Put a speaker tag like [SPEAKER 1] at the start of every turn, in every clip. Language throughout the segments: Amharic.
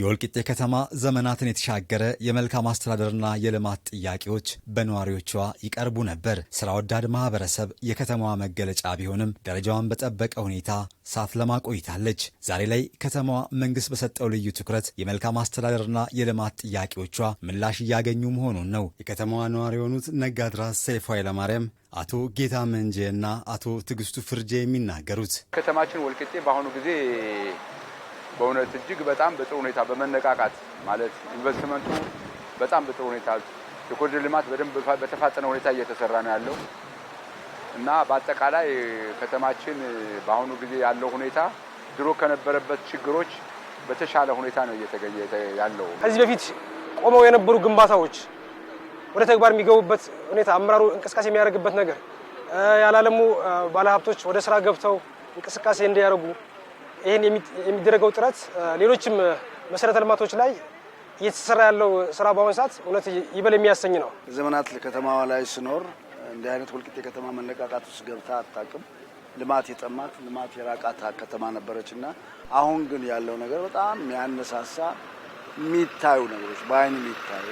[SPEAKER 1] የወልቂጤ ከተማ ዘመናትን የተሻገረ የመልካም አስተዳደርና የልማት ጥያቄዎች በነዋሪዎቿ ይቀርቡ ነበር። ስራ ወዳድ ማህበረሰብ የከተማዋ መገለጫ ቢሆንም ደረጃዋን በጠበቀ ሁኔታ ሳትለማ ቆይታለች። ዛሬ ላይ ከተማዋ መንግስት በሰጠው ልዩ ትኩረት የመልካም አስተዳደርና የልማት ጥያቄዎቿ ምላሽ እያገኙ መሆኑን ነው የከተማዋ ነዋሪ የሆኑት ነጋድራስ ሰይፉ ኃይለማርያም፣ አቶ ጌታ መንጄ እና አቶ ትዕግስቱ ፍርጄ የሚናገሩት።
[SPEAKER 2] ከተማችን ወልቂጤ በአሁኑ ጊዜ በእውነት እጅግ በጣም በጥሩ ሁኔታ በመነቃቃት ማለት ኢንቨስትመንቱ በጣም በጥሩ ሁኔታ የኮሪደር ልማት በደንብ በተፋጠነ ሁኔታ እየተሰራ ነው ያለው እና በአጠቃላይ ከተማችን በአሁኑ ጊዜ ያለው ሁኔታ ድሮ ከነበረበት ችግሮች በተሻለ ሁኔታ ነው እየተገኘ ያለው።
[SPEAKER 3] ከዚህ በፊት ቆመው የነበሩ ግንባታዎች ወደ ተግባር የሚገቡበት ሁኔታ፣ አመራሩ እንቅስቃሴ የሚያደርግበት ነገር፣ ያላለሙ ባለሀብቶች ወደ ስራ ገብተው እንቅስቃሴ እንዲያደርጉ ይህን የሚደረገው ጥረት ሌሎችም መሰረተ ልማቶች ላይ እየተሰራ ያለው ስራ በአሁኑ ሰዓት እውነት ይበል የሚያሰኝ ነው።
[SPEAKER 4] ዘመናት ከተማዋ ላይ ስኖር እንዲህ አይነት ወልቂጤ ከተማ መነቃቃት ውስጥ ገብታ አታውቅም። ልማት የጠማት ልማት የራቃት ከተማ ነበረች እና አሁን ግን ያለው ነገር በጣም የሚያነሳሳ የሚታዩ ነገሮች በአይን የሚታዩ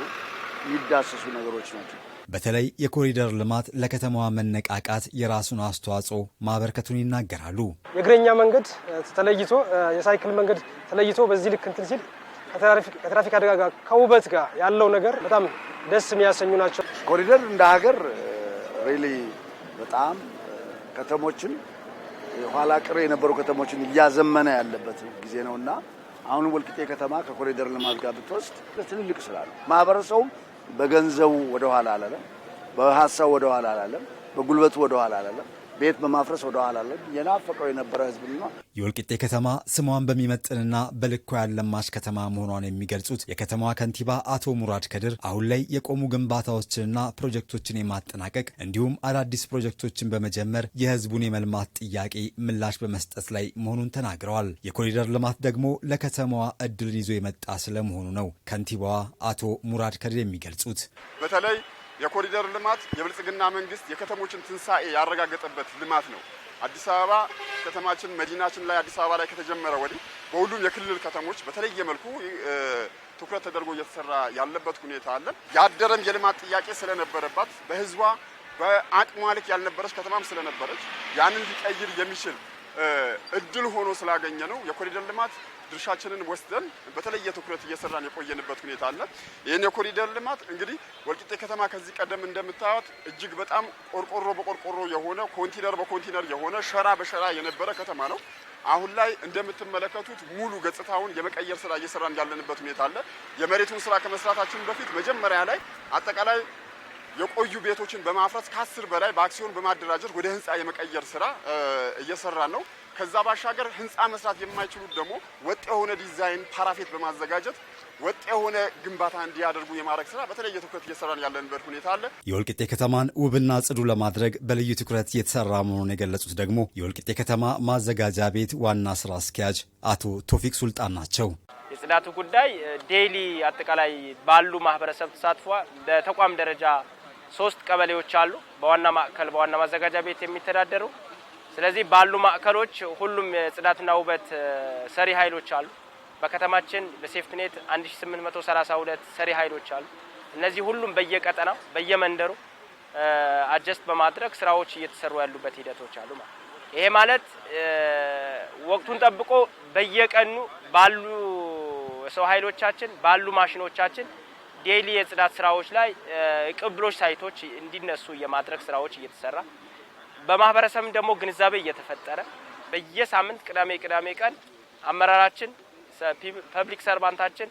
[SPEAKER 4] የሚዳሰሱ ነገሮች ናቸው።
[SPEAKER 1] በተለይ የኮሪደር ልማት ለከተማዋ መነቃቃት የራሱን አስተዋጽኦ ማበርከቱን ይናገራሉ።
[SPEAKER 3] የእግረኛ መንገድ ተለይቶ የሳይክል መንገድ ተለይቶ በዚህ ልክ እንትን ሲል ከትራፊክ አደጋ ጋር ከውበት ጋር ያለው ነገር በጣም ደስ የሚያሰኙ ናቸው።
[SPEAKER 4] ኮሪደር እንደ ሀገር ሪሊ በጣም ከተሞችን የኋላ ቅር የነበሩ ከተሞችን እያዘመነ ያለበት ጊዜ ነው እና አሁን ወልቂጤ ከተማ ከኮሪደር ልማት ጋር ብትወስድ ትልልቅ ስራ ነው። ማህበረሰቡም በገንዘቡ ወደኋላ አላለም፣ በሀሳቡ ወደኋላ አላለም፣ በጉልበቱ ወደኋላ አላለም። ቤት በማፍረስ ወደኋላ ለ የናፈቀው የነበረ ህዝብ ነው።
[SPEAKER 1] የወልቂጤ ከተማ ስሟን በሚመጥንና በልኳ ያለማች ከተማ መሆኗን የሚገልጹት የከተማዋ ከንቲባ አቶ ሙራድ ከድር አሁን ላይ የቆሙ ግንባታዎችንና ፕሮጀክቶችን የማጠናቀቅ እንዲሁም አዳዲስ ፕሮጀክቶችን በመጀመር የህዝቡን የመልማት ጥያቄ ምላሽ በመስጠት ላይ መሆኑን ተናግረዋል። የኮሪደር ልማት ደግሞ ለከተማዋ እድልን ይዞ የመጣ ስለመሆኑ ነው ከንቲባዋ አቶ ሙራድ ከድር የሚገልጹት
[SPEAKER 5] በተለይ የኮሪደር ልማት የብልጽግና መንግስት የከተሞችን ትንሣኤ ያረጋገጠበት ልማት ነው። አዲስ አበባ ከተማችን መዲናችን ላይ አዲስ አበባ ላይ ከተጀመረ ወዲህ በሁሉም የክልል ከተሞች በተለየ መልኩ ትኩረት ተደርጎ እየተሰራ ያለበት ሁኔታ አለ። ያደረም የልማት ጥያቄ ስለነበረባት በህዝቧ በአቅሟ ልክ ያልነበረች ከተማም ስለነበረች ያንን ሊቀይር የሚችል እድል ሆኖ ስላገኘ ነው የኮሪደር ልማት ድርሻችንን ወስደን በተለየ ትኩረት እየሰራን የቆየንበት ሁኔታ አለ። ይህን የኮሪደር ልማት እንግዲህ ወልቂጤ ከተማ ከዚህ ቀደም እንደምታዩት እጅግ በጣም ቆርቆሮ በቆርቆሮ የሆነ ኮንቲነር በኮንቲነር የሆነ ሸራ በሸራ የነበረ ከተማ ነው። አሁን ላይ እንደምትመለከቱት ሙሉ ገጽታውን የመቀየር ስራ እየሰራን ያለንበት ሁኔታ አለ። የመሬቱን ስራ ከመስራታችን በፊት መጀመሪያ ላይ አጠቃላይ የቆዩ ቤቶችን በማፍረስ ከአስር በላይ በአክሲዮን በማደራጀት ወደ ህንፃ የመቀየር ስራ እየሰራን ነው። ከዛ ባሻገር ህንፃ መስራት የማይችሉት ደግሞ ወጥ የሆነ ዲዛይን ፓራፌት በማዘጋጀት ወጥ የሆነ ግንባታ እንዲያደርጉ የማድረግ ስራ በተለየ ትኩረት እየሰራን ያለንበት ሁኔታ አለ።
[SPEAKER 1] የወልቂጤ ከተማን ውብና ጽዱ ለማድረግ በልዩ ትኩረት የተሰራ መሆኑን የገለጹት ደግሞ የወልቂጤ ከተማ ማዘጋጃ ቤት ዋና ስራ አስኪያጅ አቶ ቶፊቅ ሱልጣን ናቸው።
[SPEAKER 6] የጽዳቱ ጉዳይ ዴይሊ አጠቃላይ ባሉ ማህበረሰብ ተሳትፏ በተቋም ደረጃ ሶስት ቀበሌዎች አሉ በዋና ማዕከል በዋና ማዘጋጃ ቤት የሚተዳደሩ። ስለዚህ ባሉ ማዕከሎች ሁሉም የጽዳትና ውበት ሰሪ ኃይሎች አሉ። በከተማችን በሴፍትኔት 1832 ሰሪ ኃይሎች አሉ። እነዚህ ሁሉም በየቀጠናው በየመንደሩ አጀስት በማድረግ ስራዎች እየተሰሩ ያሉበት ሂደቶች አሉ ማለት ይሄ ማለት ወቅቱን ጠብቆ በየቀኑ ባሉ ሰው ኃይሎቻችን ባሉ ማሽኖቻችን ዴይሊ የጽዳት ስራዎች ላይ ቅብሎች ሳይቶች እንዲነሱ የማድረግ ስራዎች እየተሰራ በማህበረሰብም ደግሞ ግንዛቤ እየተፈጠረ በየሳምንት ቅዳሜ ቅዳሜ ቀን አመራራችን ፐብሊክ ሰርቫንታችን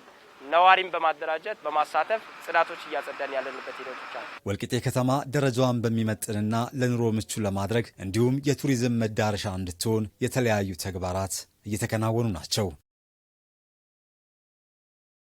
[SPEAKER 6] ነዋሪን በማደራጀት በማሳተፍ ጽዳቶች እያጸዳን ያለንበት ሂደቶች አሉ።
[SPEAKER 1] ወልቂጤ ከተማ ደረጃዋን በሚመጥንና ለኑሮ ምቹ ለማድረግ እንዲሁም የቱሪዝም መዳረሻ እንድትሆን የተለያዩ ተግባራት እየተከናወኑ ናቸው።